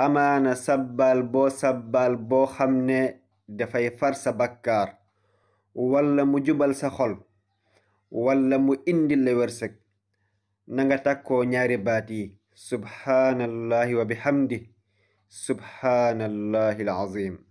amaana sabbal boo sabbal boo xam ne dafay far sa bakkaar walla mu jubal sa xol walla mu indil la wërsëg na nga takkoo ñaari baat yi subhaanallahi wa bihamdi subhaanallahi alazim